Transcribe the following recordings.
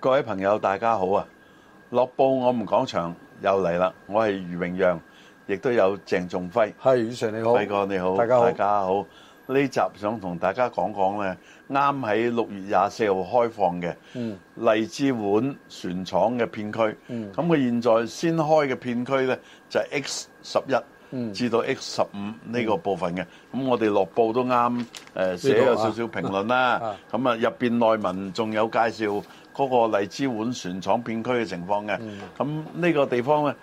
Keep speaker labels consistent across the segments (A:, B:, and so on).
A: 各位朋友，大家好啊！樂報我們講場又嚟啦，我係余榮讓，亦都有鄭仲輝。係余生你好，輝哥你好，大家好。呢集想同大家講講咧，啱喺六月廿四號開放嘅，嗯，荔枝碗船廠嘅片區，咁佢、嗯、現在先開嘅片區咧就係 X 十一、嗯，至到 X 十五呢個部分嘅，咁、嗯、我哋樂報都啱，誒裡、啊，寫咗少少評論啦，咁啊入邊內文仲有介紹。嗰個荔枝碗船廠片區嘅情況嘅，咁呢個地方咧，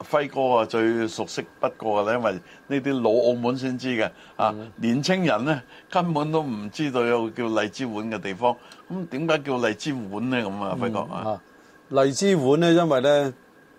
A: 輝哥啊最熟悉不過嘅咧，因為呢啲老澳門先知嘅啊，年青人咧根本都唔知道有個叫荔枝碗嘅地方，咁點解叫荔枝碗咧？咁啊，輝哥、嗯、啊，荔枝碗咧，因為咧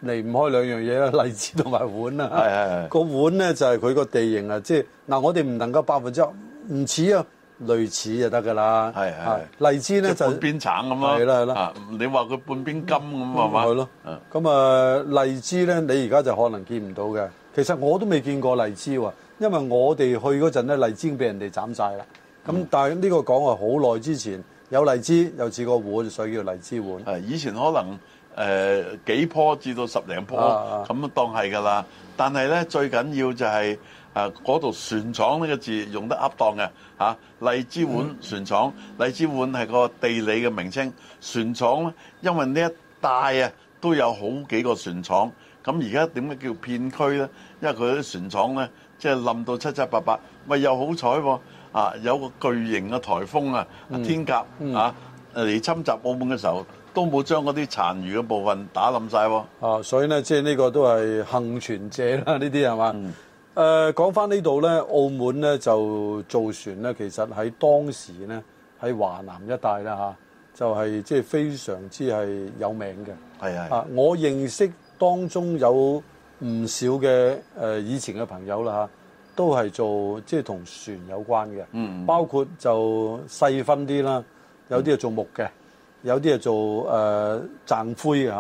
A: 離唔開兩樣嘢，荔枝同埋碗啊，
B: 個碗咧就係佢個地形、就是、啊，即係嗱，我哋唔能夠百分之唔似啊。類似就得噶啦，係係荔枝咧就半邊橙咁咯，係啦係
A: 啦。你話佢半邊金咁係嘛？係咯，
B: 咁啊荔枝咧，你而家就可能見唔到嘅。其實我都未見過荔枝喎，因為我哋去嗰陣咧，荔枝已經俾人哋斬晒啦。咁但係呢個講啊，好耐之
A: 前有荔枝，又似個碗，所以叫荔枝碗。誒，以前可能。誒、呃、幾棵至到十零棵咁啊，當係㗎啦。但係咧最緊要就係誒嗰度船廠呢個字用得恰當嘅嚇。荔枝碗船廠，嗯、荔枝碗係個地理嘅名稱。船廠咧，因為呢一帶啊都有好幾個船廠。咁而家點解叫片區咧？因為佢啲船廠咧即係冧到七七八八。喂，又好彩喎、啊！啊，有個巨型嘅颱風啊，天鴿、嗯、啊嚟、嗯啊、侵襲澳門嘅時候。都冇將嗰啲殘餘嘅部分打冧晒喎。所以呢，即係呢個都係幸存者啦。呢啲係嘛？誒，講
B: 翻呢度呢，澳門呢就造船呢，其實喺當時呢，喺華南一帶啦嚇，就係即係非常之係有名嘅。係係。啊，我認識當中有唔少嘅誒、呃、以前嘅朋友啦嚇、啊，都係做即係同船有關嘅。嗯，嗯。包括就細分啲啦，有啲係做木嘅。嗯嗯有啲係做誒掙、呃、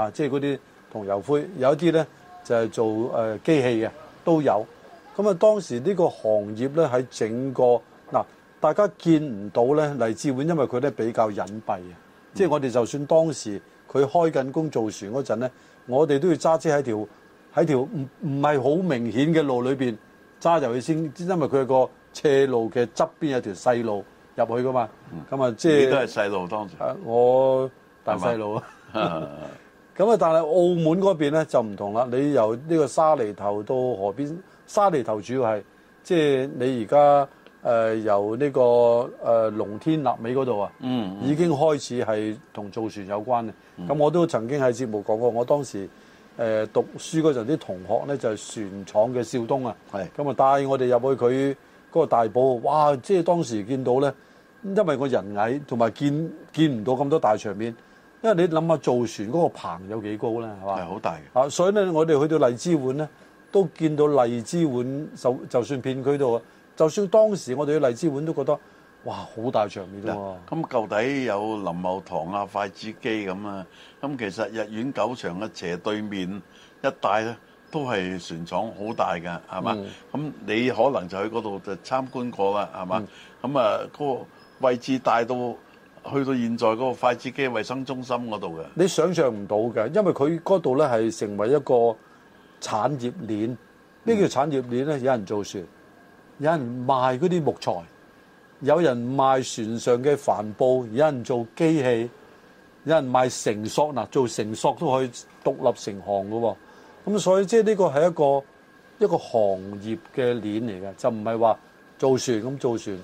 B: 灰即係嗰啲同油灰；有啲呢就係、是、做誒、呃、機器嘅都有。咁啊，當時呢個行業呢，喺整個嗱，大家見唔到呢荔枝碗，因為佢呢比較隱蔽即係、嗯、我哋就算當時佢開緊工造船嗰陣呢，我哋都要揸車喺條喺條唔唔係好明顯嘅路裏面揸入去先，因為佢係個斜路嘅側邊有條細路。入去噶嘛？咁啊、嗯，即係就你都係細路
A: 當住當時。我大細路啊。
B: 咁啊，但係澳門嗰邊咧就唔同啦。你由呢個沙梨頭到河邊，沙梨頭主要係即係你而家誒由呢、這個誒、呃、龍天立尾嗰度啊，嗯嗯、已經開始係同造船有關嘅。咁、嗯、我都曾經喺節目講過，我當時誒、呃、讀書嗰陣，啲同學咧就係、是、船廠嘅少東啊。係是。咁啊，帶我哋入去佢嗰個大埔。哇！即、就、係、是、當時見到咧。因為個人矮，同埋見見唔到咁多大場面。因為你諗下造船嗰個棚有幾高咧，係嘛？係好大嘅。啊，所以咧，我哋去到荔枝碗咧，都見到荔枝碗就就算片區度啊，就算當時我哋去荔枝碗都覺得，哇，好大場
A: 面喎！咁舊底有林茂堂啊、筷子基咁啊，咁其實日苑九場嘅斜對面一帶咧，都係船廠好大㗎，係嘛？咁你可能就去嗰度就參觀過啦，係嘛？咁啊，嗰個。位置大到去到現在嗰個筷子基衛生中心嗰度嘅，
B: 你想象唔到嘅。因為佢嗰度咧係成為一個產業鏈呢、嗯、咩叫產業鏈咧？有人做船，有人賣嗰啲木材，有人賣船上嘅帆布，有人做機器，有人賣繩索。嗱、呃，做繩索都可以獨立成行嘅喎。咁所以即係呢個係一個一個行業嘅鏈
A: 嚟嘅，就唔係話做船咁做船。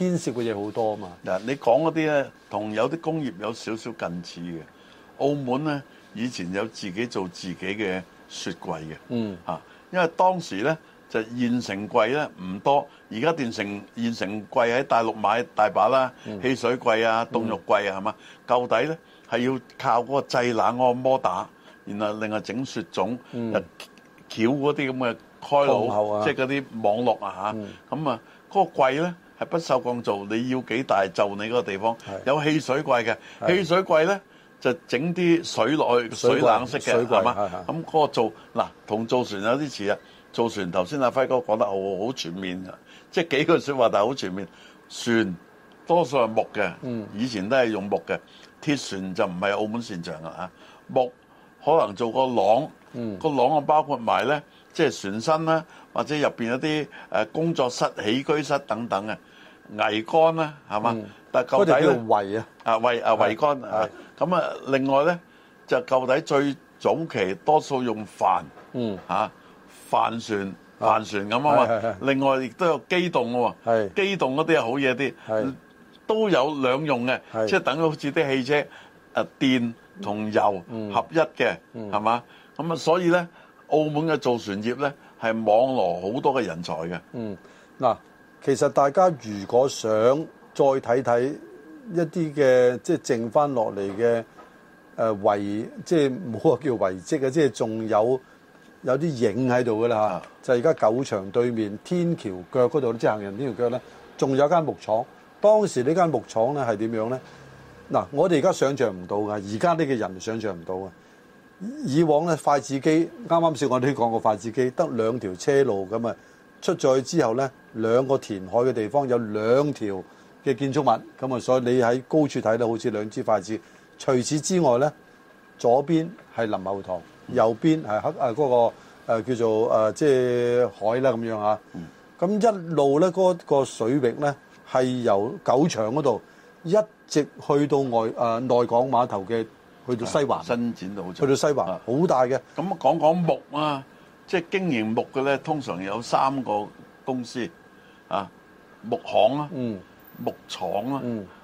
A: 牽涉嘅嘢好多啊嘛！嗱，你講嗰啲咧，同有啲工業有少少近似嘅。澳門咧，以前有自己做自己嘅雪櫃嘅。嗯。嚇，因為當時咧就現成櫃咧唔多，而家電成現成櫃喺大陸買大把啦，汽水櫃啊、凍肉櫃啊，係嘛？舊底咧係要靠嗰個製冷嗰個摩打，然後另外整雪種、撬嗰啲咁嘅開路，即係嗰啲網絡啊嚇。咁啊，嗰個櫃咧～係不鏽鋼做，你要幾大就你嗰個地方。有汽水櫃嘅，汽水櫃咧就整啲水落去水冷式嘅，係嘛？咁嗰個做嗱同造船有啲似啊。造船頭先阿輝哥講得好好全面嘅，即係幾句説話，但係好全面。船多數係木嘅，以前都係用木嘅。鐵船就唔係澳門船廠啦嚇。木可能做個廊，個廊啊包括埋咧，即係船身啦，或者入邊一啲誒工作室、起居室等等嘅。桅杆啦，係嘛？但係到底，嗰隻叫桅啊？啊桅啊桅杆啊！咁啊，另外咧就舊底最早期多數用帆，嗯嚇，帆船、帆船咁啊嘛。另外亦都有機動喎，機動嗰啲係好嘢啲，都有兩用嘅，即係等於好似啲汽車，啊電同油合一嘅，係嘛？咁啊，所以咧，澳門嘅造船業咧係網羅好多嘅人才嘅，嗯嗱。
B: 其實大家如果想再睇睇一啲嘅即係剩翻落嚟嘅誒遺即係冇話叫遺跡啊，即係仲有有啲影喺度噶啦嚇，就係而家九場對面天橋腳嗰度，即行人天橋腳咧，仲有一間木廠。當時呢間木廠咧係點樣咧？嗱，我哋而家想像唔到噶，而家呢個人想像唔到啊！以往咧筷子機啱啱先，我哋講過筷子機，得兩條車路咁啊！出咗之後呢，兩個填海嘅地方有兩條嘅建築物，咁啊，所以你喺高處睇到好似兩支筷子。除此之外呢，左邊係林後塘，嗯、右邊係黑啊嗰、嗰個啊叫做誒、啊、即係海啦咁樣嚇。嗯。咁一路呢，嗰、嗰個水域呢，係由九場嗰度一
A: 直去到外誒、呃、內港碼頭嘅去到西環。伸展到去到西環，好的大嘅。咁講講木啊。即係經營木嘅咧，通常有三個公司，啊，木行啦，木廠啦，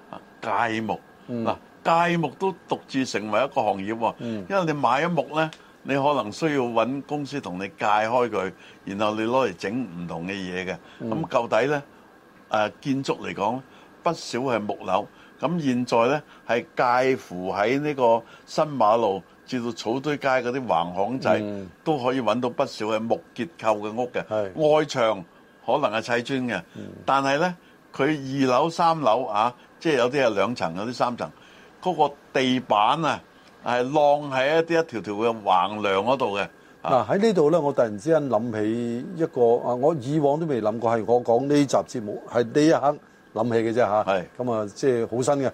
A: 啊，鎅木嗱，鎅木都獨自成為一個行業喎，因為你買一木咧，你可能需要搵公司同你鎅開佢，然後你攞嚟整唔同嘅嘢嘅，咁到底咧，誒建築嚟講，不少係木樓，咁現在咧係介乎喺呢個新馬路，至到草堆街嗰啲橫巷仔、嗯、都可以揾到不少嘅木結構嘅屋嘅是，外牆可能係砌磚嘅，嗯、但係咧佢二樓三樓啊，即、就、係、是、有啲係兩層，有啲三層，嗰、那個地板啊係晾喺一啲一條條嘅橫梁嗰度嘅。嗱
B: 喺、嗯、呢度咧，我突然之間諗起一個啊，我以往都未諗過，係我講呢集節目係呢一刻諗起嘅啫嚇，咁是啊即係好新嘅。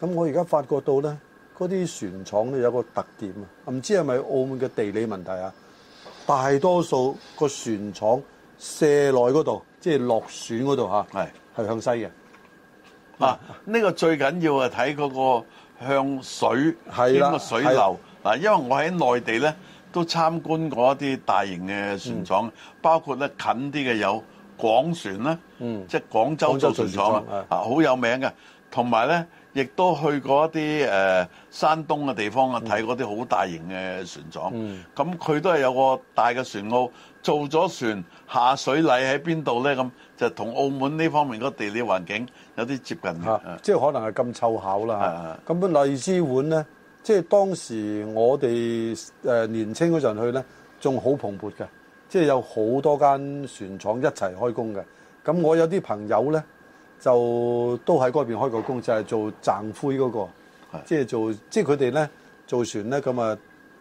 B: 咁我而家發覺到咧。嗰啲船廠咧有一個特點啊，唔知係咪澳門嘅地理問題啊？大多數個船廠卸內
A: 嗰度，即係落船嗰度嚇，係係向西嘅啊。嗱，呢個最緊要係睇嗰個向水，邊個水流嗱。因為我喺內地咧都參觀過一啲大型嘅船，船，船廠，包括咧近啲嘅有廣船啦，即係廣州造船廠啊，好有名嘅，同埋咧。亦都去過一啲誒、呃、山東嘅地方啊，睇嗰啲好大型嘅船廠。咁佢、嗯、都係有個大嘅船塢，做咗船下水禮喺邊度咧？咁就同澳門呢方面個地理環境有啲接近嘅、就是是，即係可能係
B: 咁湊巧啦。咁荔枝碗咧，即係當時我哋誒年青嗰陣去咧，仲好蓬勃嘅，即係有好多間船廠一齊開工嘅。咁我有啲朋友咧。就都喺嗰邊開過工，就係、是、做掙灰嗰個，是的 即係做即係佢哋咧做船咧，咁啊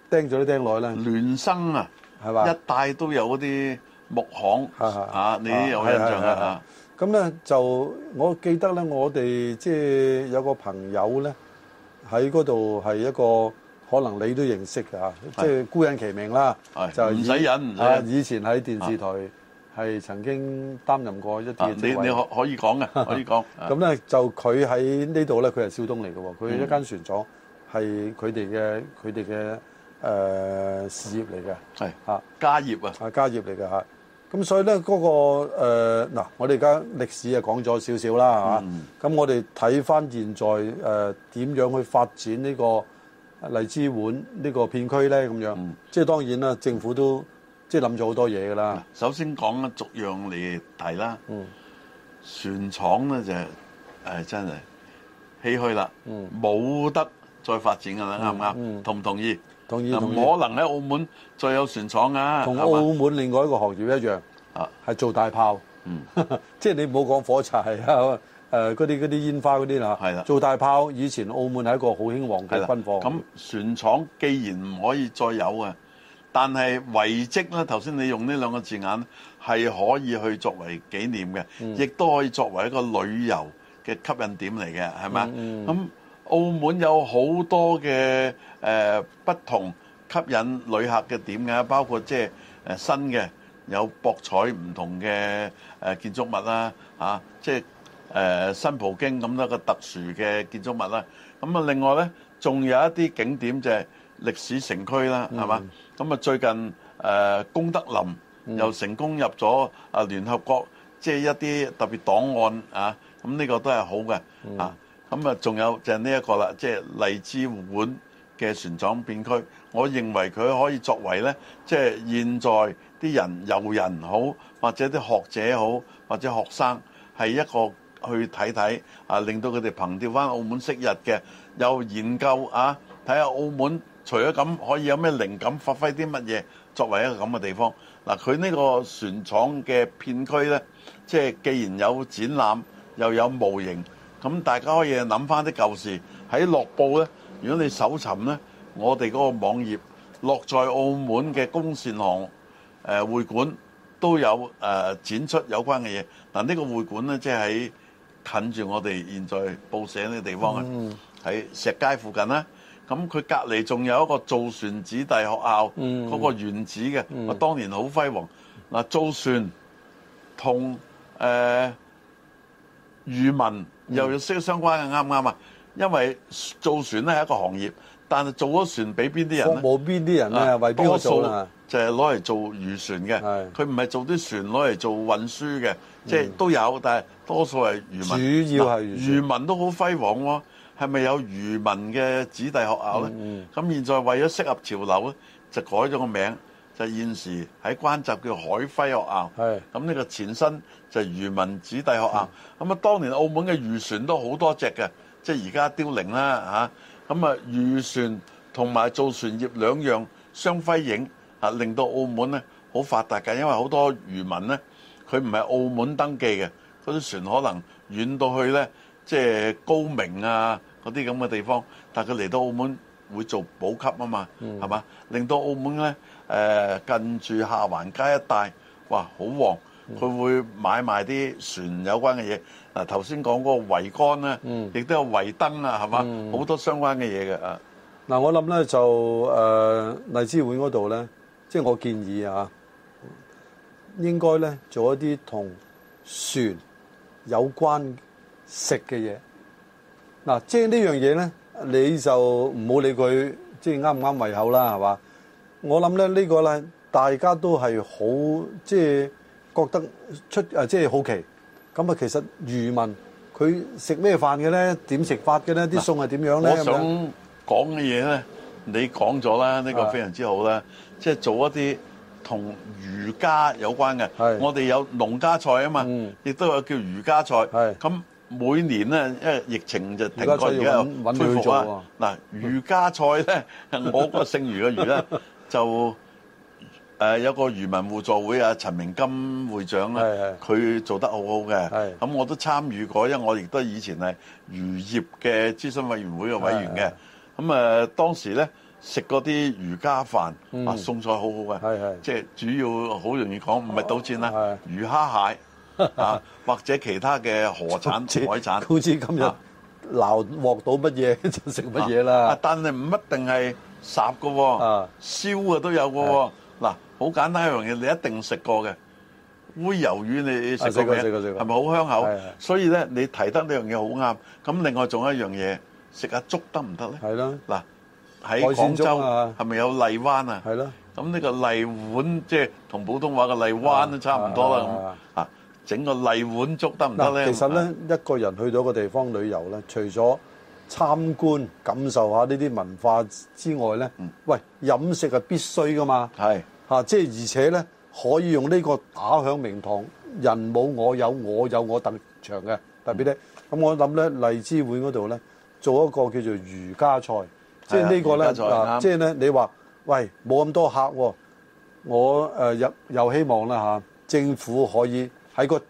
B: 釘咗啲
A: 釘落去呢，去聯生啊，係嘛吧？一大帶都有嗰啲木行的、啊、你有印象啦嚇。
B: 咁咧就我記得咧，我哋即係有個朋友咧喺嗰度係一個可能你都認識嘅即係孤隱其名啦，的就係唔使忍。的以前喺電視台。係曾經擔任過一啲嘅職位你你可可
A: 以講嘅，可以講。咁
B: 咧 就佢喺呢度咧，佢係少東嚟嘅喎。佢一間船廠係佢哋嘅佢哋嘅誒事業嚟嘅，係嚇是是家業啊，啊家業嚟嘅嚇。咁所以咧嗰、那個嗱、呃，我哋而家歷史啊講咗少少啦嚇。咁我哋睇翻現在誒點,點、嗯啊在呃、樣去發展呢個荔枝碗呢、這個片區咧？咁樣，嗯、即係當然啦，政府都。即係諗咗好多嘢㗎啦。
A: 首先講啊，逐樣嚟提啦。嗯，船廠咧就誒真係唏噓啦。嗯，嗯，冇得再發展㗎啦，啱唔啱？同唔同意？嗯嗯、同，同意。可能喺澳門再有船廠啊？同意 對吧 澳
B: 門另外一個行業一樣。啊，係做大炮。嗯，即係你唔好講火柴啊，誒嗰啲嗰啲煙花嗰啲啦。係啦。做
A: 大炮，以前澳門係一個好興旺嘅軍火。咁船廠既然唔可以再有啊？但係遺跡咧，頭先你用呢兩個字眼，係可以去作為紀念嘅，亦都可以作為一個旅遊嘅吸引點嚟嘅，係嘛，嗯？咁、嗯、澳門有好多嘅誒、呃、不同吸引旅客嘅點嘅，包括即係誒新嘅有博彩唔同嘅建築物啦，嚇即係誒新葡京咁多個特殊嘅建築物啦。咁啊，另外咧仲有一啲景點就係歷史城區啦，係嘛，嗯？是咁啊，最近誒功德林又成功入咗啊聯合國，即係一啲特別檔案啊，咁呢個都係好嘅啊。咁啊，仲有就係呢一個啦，即係荔枝碗嘅船廠片區。我認為佢可以作為呢，即係現在啲人遊人好，或者啲學者好，或者學生係一個去睇睇啊，令到佢哋憑吊翻澳門昔日嘅，又研究啊，睇下澳門。除咗咁，可以有咩靈感發揮啲乜嘢？作為一個咁嘅地方，嗱，佢呢個船廠嘅片區呢，即係既然有展覽，又有模型，咁大家可以諗翻啲舊事。喺《樂報》呢，如果你搜尋呢，我哋嗰個網頁《樂在澳門嘅公善行》誒會館都有誒展出有關嘅嘢。嗱，呢個會館呢，即係喺近住我哋現在報社呢個地方啊，喺、嗯、石街附近呢。咁佢隔離仲有一個造船子弟學校，嗰個原址嘅、嗯，當、嗯、當年好輝煌。嗱，造船同誒、呃、漁民又要識得相關嘅啱唔啱啊？因為造船咧係一個行業，但係做咗船俾邊啲人冇
B: 邊啲人啊？為邊個做
A: 啊？就係攞嚟做漁船嘅，佢唔係做啲船攞嚟做運輸嘅，嗯、即係都有，但係多數係漁民。主要係漁、呃、漁民都好輝煌喎、哦。係咪有漁民嘅子弟學校呢？咁、嗯嗯、現在為咗適合潮流，就改咗個名，就現時喺關閘叫海輝學校是。咁呢個前身就漁民子弟學校是。咁啊，當年澳門嘅漁船都好多隻嘅，即係而家凋零啦。咁啊，漁船同埋造船業兩樣相輝映、啊，令到澳門咧好發達嘅，因為好多漁民咧，佢唔係澳門登記嘅，嗰啲船可能遠到去咧，即係高明啊。嗰啲咁嘅地方，但佢嚟到澳門會做補給啊嘛，係嘛、嗯？令到澳門咧誒、呃、近住下環街一帶，哇，好旺！佢會買埋啲船有關嘅嘢。嗱頭先講嗰個桅杆咧，亦、啊嗯、都有桅燈啊，係嘛？好、嗯、多相關嘅嘢嘅啊。
B: 嗱、嗯嗯，我諗咧就誒、呃、荔枝碗嗰度咧，即、就、係、是、我建議啊，應該咧做一啲同船有關食嘅嘢。嗱、啊，即係呢樣嘢咧，你就唔好理佢，即係啱唔啱胃口啦，係嘛？我諗咧，這個、呢個咧，大家都係好即係覺得出即係好奇。咁啊，其實漁民佢食咩飯嘅咧，點食法嘅咧，啲餸係點樣咧、啊？我想
A: 講嘅嘢咧，吧你講咗啦，呢、這個非常之好啦，是即係做一啲同漁家有關嘅。是我哋有農家菜啊嘛，亦、嗯、都有叫漁家菜。咁是每年咧，因為疫情就停過，而家又恢復啦。嗱，漁家菜咧， 我個姓余嘅余咧， 就誒有個漁民互助會啊，陳明金會長咧，佢是是 做得很好好嘅。咁是是 我都參與過，因為我亦都以前係漁業嘅諮詢委員會嘅委員嘅。咁誒是是、啊、當時咧食嗰啲漁家飯啊，餸、嗯、菜好好嘅，是是即係主要好容易講，唔係賭錢啦，哦、是是魚蝦蟹。啊，或者其他嘅河產、海產，好
B: 似今日撈
A: 獲到乜嘢就食乜嘢啦。啊，但係唔一定係烚嘅，燒嘅都有嘅。嗱，好簡單一樣嘢，你一定食過嘅烏魷魚，你食過嘅係咪好香口？所以咧，你提得呢樣嘢好啱。咁另外仲有一樣嘢，食下粥得唔得咧？係咯。嗱，喺廣州係咪有荔灣啊？係咯。咁呢個荔碗即係同普通話嘅荔灣都差唔多啦。啊。整個荔碗粥得唔得咧？行行其實咧，
B: 一個人去到個地方旅遊咧，除咗參觀感受下呢啲文化之外咧，嗯、喂，飲食係必須㗎嘛，係吓是、啊，即係而且咧，可以用呢個打響名堂，人冇我有，我有我特長嘅，特別咧。咁、嗯嗯、我諗咧，荔枝碗嗰度咧，做一個叫做漁家菜，即係呢個咧，即係咧，你話喂冇咁多客、啊，我誒、呃、有有希望啦吓、啊、政府可以。喺個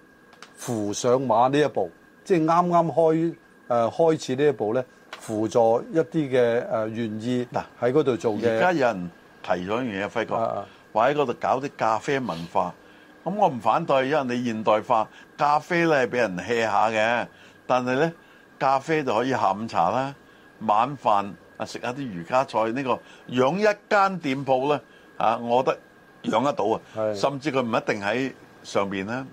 B: 扶上馬呢一步，即係啱啱開誒、呃、開始呢一步咧，輔助一
A: 啲嘅誒願意喺嗰度做嘢。而家有人提咗一樣嘢，輝哥話喺嗰度搞啲咖啡文化。咁我唔反對，因為你現代化咖啡咧係俾人 hea 下嘅，但係咧咖啡就可以下午茶啦、晚飯啊食下啲瑜伽菜。呢、呢個養一間店舖咧，啊，我覺得養得到啊，是的 甚至佢唔一定喺上面呢。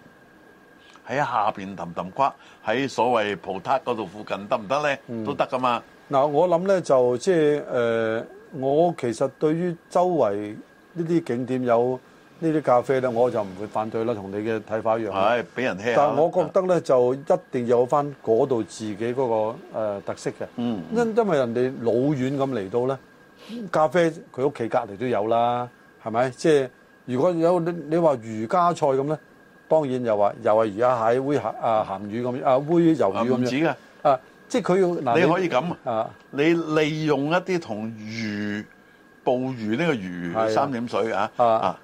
A: 喺下邊氹氹誇，喺所謂葡撻嗰度附近得唔得咧？都得噶嘛。
B: 嗱，我諗咧就即係誒，我其實對於周圍呢啲景點有呢啲咖啡咧，我就唔會反對啦，同你嘅睇法一樣。唉，
A: 俾人聽。但係我覺
B: 得咧，就一定有翻嗰度自己嗰個誒特色嘅。嗯。因因為人哋老遠咁嚟到咧，咖啡佢屋企隔離都有啦，係咪？即係如果有你你話瑜伽菜咁咧。當然又話，又話魚啊蟹、煨啊鹹魚咁樣啊，煨魷魚咁唔止噶，啊，啊啊啊即係佢要。啊、你可以咁
A: 啊，你利用一啲同魚、捕魚呢個魚的三點水啊啊，啊，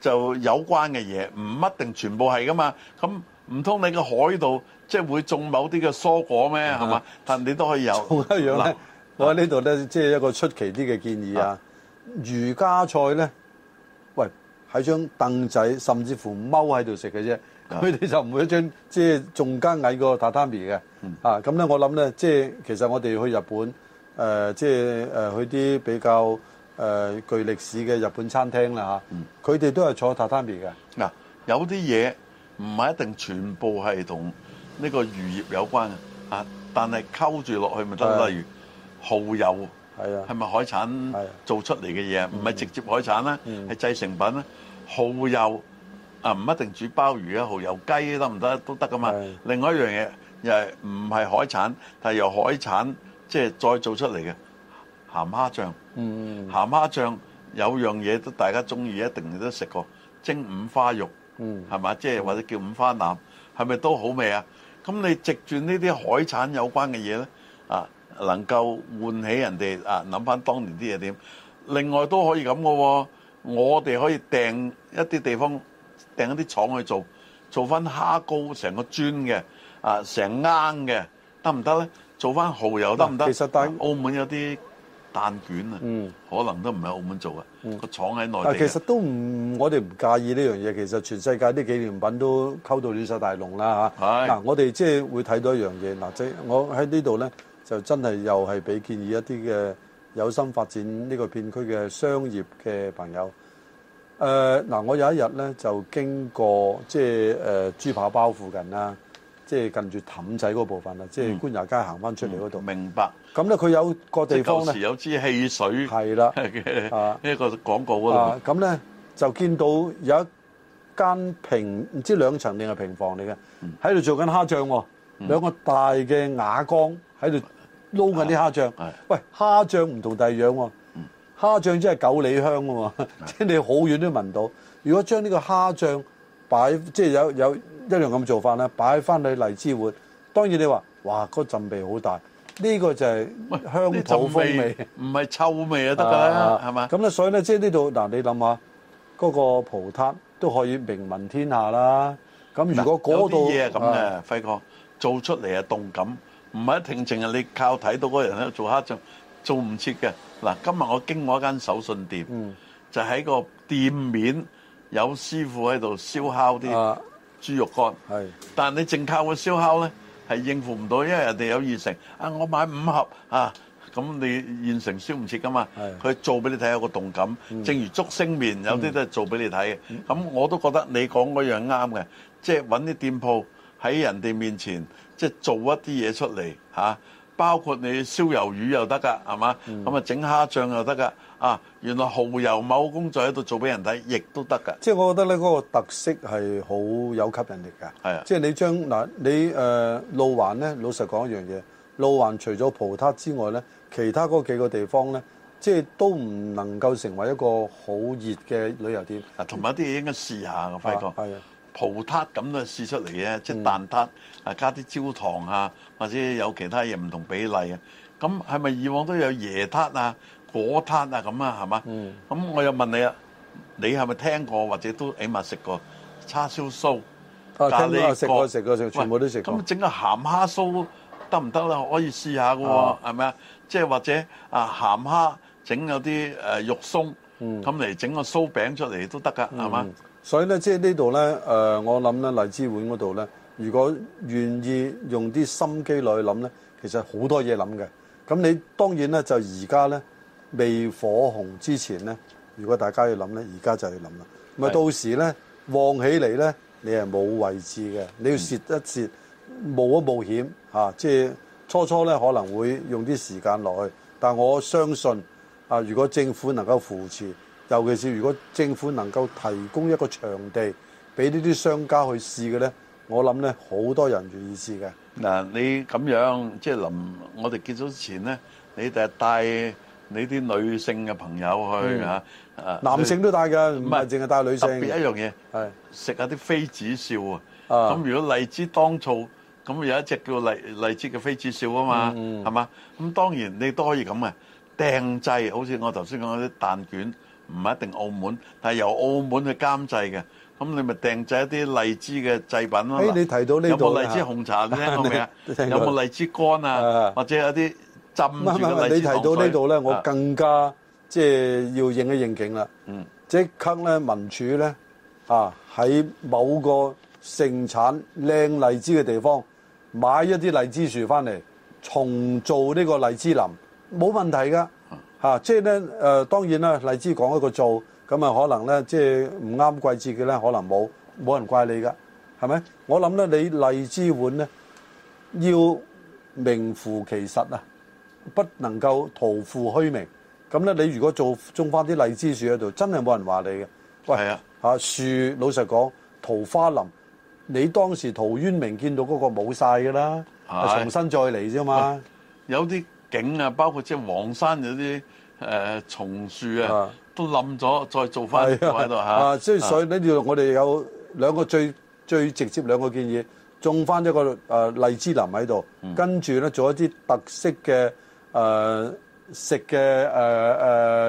A: 就有關嘅嘢，唔一定全部係噶嘛？咁唔通你嘅海度即係會種某啲嘅蔬果咩？係嘛、啊，但你都可以有。咁樣咧，啊、我喺呢
B: 度咧，即、就、係、是、一個出奇啲嘅建議啊！漁、啊、家菜咧。喺張凳仔，甚至乎踎喺度食嘅啫。佢哋的就唔會將即係仲加矮過榻榻米嘅。嗯、啊，咁咧我諗咧，即、就、係、是、其實我哋去日本，誒、呃，即係誒去啲比較誒、呃、具歷史嘅日
A: 本餐廳啦嚇。佢、啊、哋、嗯、都係坐榻榻米嘅。嗱、啊，有啲嘢唔係一定全部係同呢個漁業有關嘅。啊，但係溝住落去咪得。例的如蠔油係啊，係咪的海產做出嚟嘅嘢？唔係直接海產啦，係的製成品啦。嗯。耗油啊，唔一定煮鮑魚啊，耗油雞得唔得？都得噶嘛。是的 另外一樣嘢又係唔係海產，但係由海產即係、就是、再做出嚟嘅鹹蝦醬。嗯嗯鹹蝦醬有樣嘢都大家中意，一定都食過蒸五花肉，係嘛？即係、嗯嗯、或者叫五花腩，係咪都好味啊？咁你直轉呢啲海產有關嘅嘢咧，啊能夠喚起人哋啊諗翻當年啲嘢點？另外都可以咁噶喎。我哋可以訂一啲地方，訂一啲廠去做，做翻蝦膏成個磚嘅，啊，成硬嘅，得唔得咧？做翻蠔油得唔得？行行其實但係澳門有啲蛋卷啊，嗯、可能都唔係澳門做啊，嗯、個廠喺內地。其實
B: 都唔，我哋唔介意呢樣嘢。其實全世界啲紀念品都溝到亂曬大龍啦嚇是、啊，我哋即係會睇到一樣嘢。嗱，即係我喺呢度咧，就真係又係俾建議一啲嘅。有心發展呢個片區嘅商業嘅朋友，誒嗱，我有一日咧就經過，即係誒、呃、豬扒包附近啦，即係近住氹仔嗰部分啦，嗯、即係官也街行翻出嚟嗰度。明白。咁咧，佢有個地方咧，舊時
A: 有支汽水的，係啦，啊，一個廣告
B: 嗰度。啊，咁咧就見到有一間平，唔知兩層定係平房嚟嘅，喺度、嗯、做緊蝦醬喎、哦，嗯、兩個大嘅瓦缸喺度。撈緊啲蝦醬，蝦醬啊、喂，蝦醬唔同第二樣喎、啊，蝦醬真係九里香噶、啊、喎，即 係你好遠都聞到。如果將呢個蝦醬擺，即、就、係、是、有有一樣咁做法咧，擺翻去荔枝碗，當然你話，哇，個陣味好大，呢、這個就係
A: 鄉土風味，唔係臭味就啊，得噶啦，係
B: 嘛？咁咧，所以咧，即係呢度嗱，你諗下，嗰、那個葡撻都可以名聞天下啦。咁如果嗰度，有啲嘢咁嘅，
A: 輝哥、啊、做出嚟啊，動感。唔係一定淨係你靠睇到嗰個人喺度做黑像，做唔切嘅。嗱，今日我經過一間手信店，就喺個店面有師傅喺度燒烤啲豬肉乾。係，但係你淨靠個燒烤咧，係應付唔到，因為人哋有現成。啊，我買五盒啊，咁你現成燒唔切噶嘛？係，佢做俾你睇有個動感，正如竹升麵，有啲都係做俾你睇嘅。咁我都覺得你講嗰樣啱嘅，即係揾啲店鋪喺人哋面前。即係做一啲嘢出嚟嚇、啊，包括你燒魷魚又得㗎，係嘛？咁啊整蝦醬又得㗎。啊，原來蠔油某工作喺度做俾人睇，亦都得㗎。
B: 即係我覺得咧，嗰、嗰個特色係好有吸引力㗎。係啊，即係你將嗱你誒、呃、路環咧，老實講一樣嘢，路環除咗葡撻之外咧，其他嗰幾個地方咧，即係都唔能夠成為一個好
A: 熱嘅旅遊點。啊，同埋一啲嘢應該試下嘅，輝哥、啊。葡撻咁都試出嚟嘅，即蛋撻啊，加啲焦糖啊，或者有其他嘢唔同比例嘅、啊。咁係咪以往都有椰撻啊、果撻啊咁啊？係嘛？咁、嗯、我又問你啊，你係咪聽過或者都起碼食過叉燒酥？聽到食過食過，過，全部都食過。咁整個鹹蝦酥得唔得啦？行行呢我可以試下㗎喎，係咪啊？啊即或者啊鹹蝦整有啲肉鬆，咁嚟整個酥餅出嚟都得㗎，係嘛、嗯？
B: 所以咧，即係呢度咧，誒、呃，我諗咧，荔枝碗嗰度咧，如果願意用啲心機落去諗咧，其實好多嘢諗嘅。咁你當然咧，就而家咧未火紅之前咧，如果大家要諗咧，而家就要諗啦。的到時咧旺起嚟咧，你係冇位置嘅，你要蝕一蝕冒一冒險、啊、即係初初咧可能會用啲時間落去，但我相信啊，如果政府能夠扶持。尤其是如果政府能夠提供一個場地俾呢啲商家去試嘅咧，我諗咧好多人願意試嘅。
A: 嗱，你咁樣即係臨我哋結束之前咧，你哋日帶你啲女性嘅朋友去嚇，嗯啊、男性
B: 都帶㗎。唔係你，淨係帶女性。特別一樣
A: 嘢係食下啲妃子笑啊。咁如果荔枝當醋，咁有一隻叫荔荔枝嘅妃子笑啊嘛，係嘛、嗯嗯？咁當然你都可以咁嘅訂製，好似我頭先講啲蛋卷。唔係一定澳門，但係由澳門去監製嘅，咁你咪訂製一啲荔枝嘅製品咯。Hey, 你提到呢度有冇荔枝紅茶咧？Uh, 有冇、uh, 荔枝乾啊？Uh, 或者有啲
B: 浸、uh, 你提到呢度咧，我更加、uh, 即係要應一應景啦。嗯，即刻咧，民署咧啊，喺某個盛產靚荔枝嘅地方買一啲荔枝樹翻嚟，重做呢個荔枝林，冇問題噶。啊，即係咧，誒當然啦，荔枝講一個做，咁啊可能咧，即係唔啱季節嘅咧，可能冇，冇人怪你㗎，係咪？我諗咧，你荔枝碗咧要名副其實啊，不能夠徒負虛名。咁咧，你如果做種翻啲荔枝樹喺度，真係冇人話你嘅。喂，係啊，嚇樹，老實講，桃花林，你當時陶淵明見到嗰個冇晒㗎啦，
A: 重新再嚟啫嘛。有啲景啊，包括即係黃山嗰啲。誒、呃、松樹啊，都冧咗，再做翻喺度嚇。啊，啊所以所以
B: 咧，呢度我哋有兩個最、啊、最直接兩個建議，種翻一個誒、呃、荔枝林喺度，嗯、跟住咧做一啲特色嘅誒、呃、食嘅誒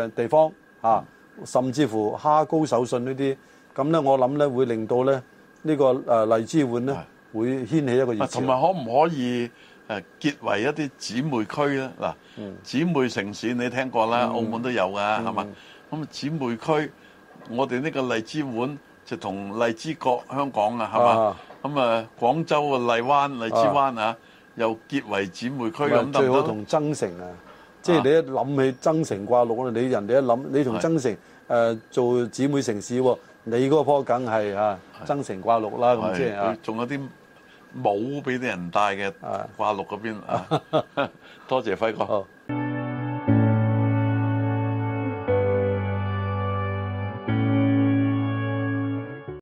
B: 誒地方嚇、啊，甚至乎蝦膏手信呢啲。咁咧，我諗咧會令到咧呢、呢個誒、呃、荔枝碗咧、啊、
A: 會掀起一個熱潮，同埋可唔可以？誒結為一啲姊妹區啦，嗱姊妹城市你聽過啦，澳門都有噶，係嘛？咁姊妹區，我哋呢個荔枝碗就同荔枝角香港啊，係嘛？咁啊廣州嘅荔灣、荔枝灣啊，又結為姊妹區咁，最好同
B: 增城啊，即係你一諗起增城掛綠啊，你人哋一諗你同增城誒做姊妹城市喎，你嗰棵梗係啊增城掛綠啦咁即係啊，仲有啲。
A: 冇俾啲人戴嘅，掛六嗰邊、 啊。多謝輝哥。